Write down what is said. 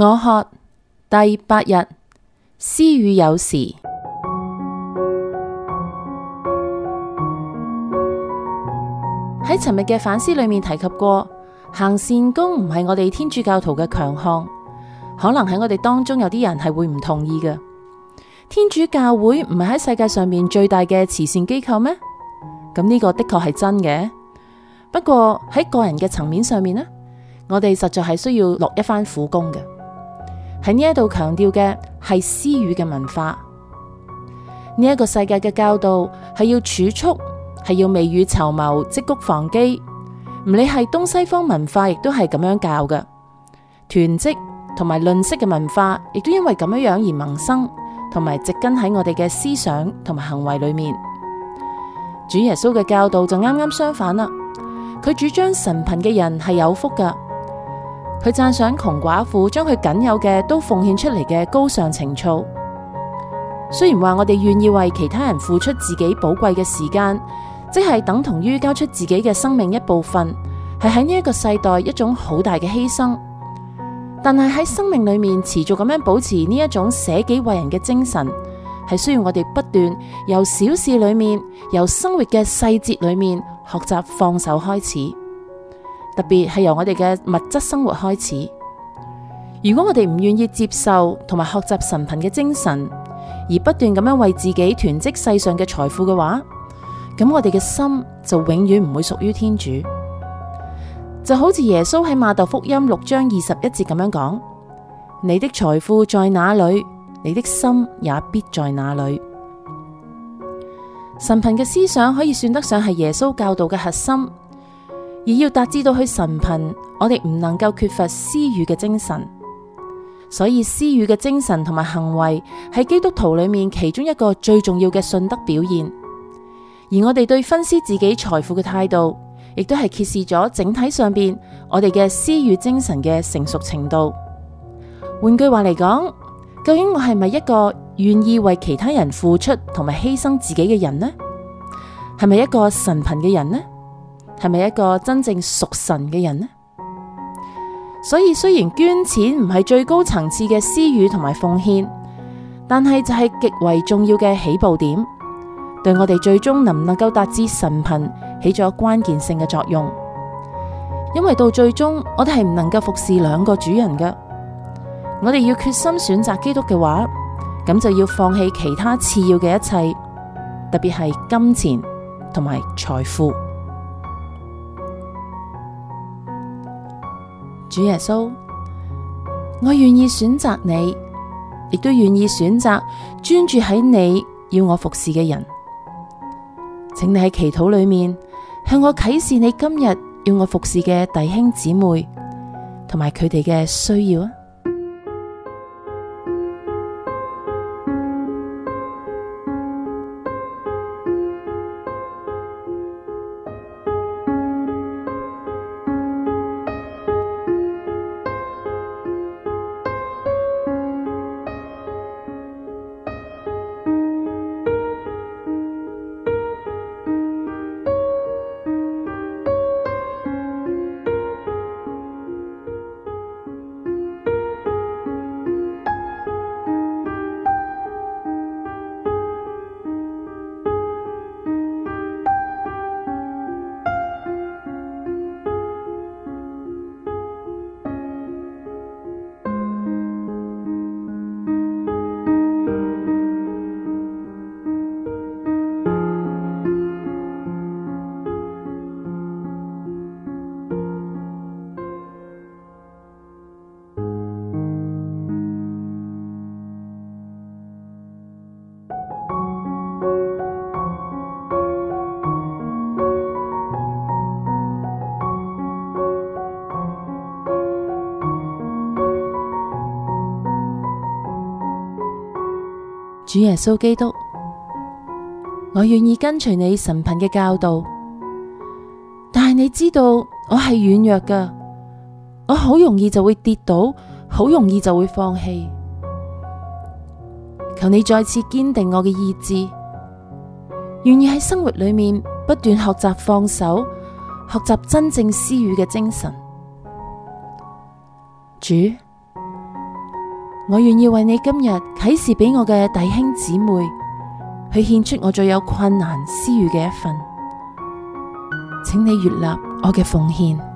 我渴第八日施與有時，喺尋日嘅反思裏面提及過，行善功唔係我哋天主教徒嘅強項，可能喺我哋當中有啲人係會唔同意嘅。天主教會唔係喺世界上面最大嘅慈善機構咩？咁呢個的確係真嘅。不過喺個人嘅層面上面呢，我哋實在係需要落一番苦功嘅。喺呢一度強調嘅係施與嘅文化，呢、這、一個世界嘅教導係要儲蓄，係要未雨綢繆、積穀防饑。唔理係東西方文化，亦都係咁樣教嘅。囤積同埋吝嗇嘅文化，亦都因為咁樣樣而萌生，同埋植根喺我哋嘅思想同埋行為裏面。主耶穌嘅教導就啱啱相反啦，佢主張神貧嘅人係有福嘅。佢讚賞窮寡婦將佢僅有嘅都奉獻出嚟嘅高尚情操。雖然話我哋願意為其他人付出自己寶貴嘅時間，即係等同於交出自己嘅生命一部分，係喺呢一個世代一種好大嘅犧牲。但係喺生命裏面持續咁樣保持呢一種捨己為人嘅精神，係需要我哋不斷由小事裏面、由生活嘅細節裏面學習放手開始。特別係由我哋嘅物質生活開始。如果我哋唔願意接受同埋學習神貧嘅精神，而不斷咁樣為自己囤積世上嘅財富嘅話，咁我哋嘅心就永遠唔會屬於天主。就好似耶穌喺馬竇福音六章二十一節咁樣講：「你的財富在哪裏，你的心也必在哪裏。」神貧嘅思想可以算得上係耶穌教導嘅核心。而要達至到去神貧，我哋唔能夠缺乏施與嘅精神，所以施與嘅精神同埋行為係基督徒裏面其中一個最重要嘅信德表現。而我哋對分施自己財富嘅態度，亦都係揭示咗整體上面我哋嘅施與精神嘅成熟程度。換句話嚟講，究竟我係咪一個願意為其他人付出同埋犧牲自己嘅人呢？係咪一個神貧嘅人呢？係咪一個真正屬神嘅人呢？所以，雖然捐錢唔係最高層次嘅施予同埋奉獻，但係就係極為重要嘅起步點，對我哋最終能唔能夠達至神貧起咗關鍵性嘅作用。因為到最終我哋係唔能夠服侍兩個主人噶，我哋要決心選擇基督嘅話，咁就要放棄其他次要嘅一切，特別係金錢同埋財富。主耶穌，我願意選擇你，亦都願意選擇專注喺你要我服侍嘅人，請你喺祈禱裏面向我啟示你今日要我服侍嘅弟兄姊妹同埋佢哋嘅需要啊！主耶穌基督，我願意跟隨你神貧嘅教導，但係你知道我係軟弱噶，我好容易就會跌倒，好容易就會放棄。求你再次堅定我嘅意志，願意喺生活裏面不斷學習放手，學習真正施與嘅精神。主。我願意為你今日啟示俾我嘅弟兄姊妹，去獻出我最有困難施與嘅一份，請你悅納我嘅奉獻。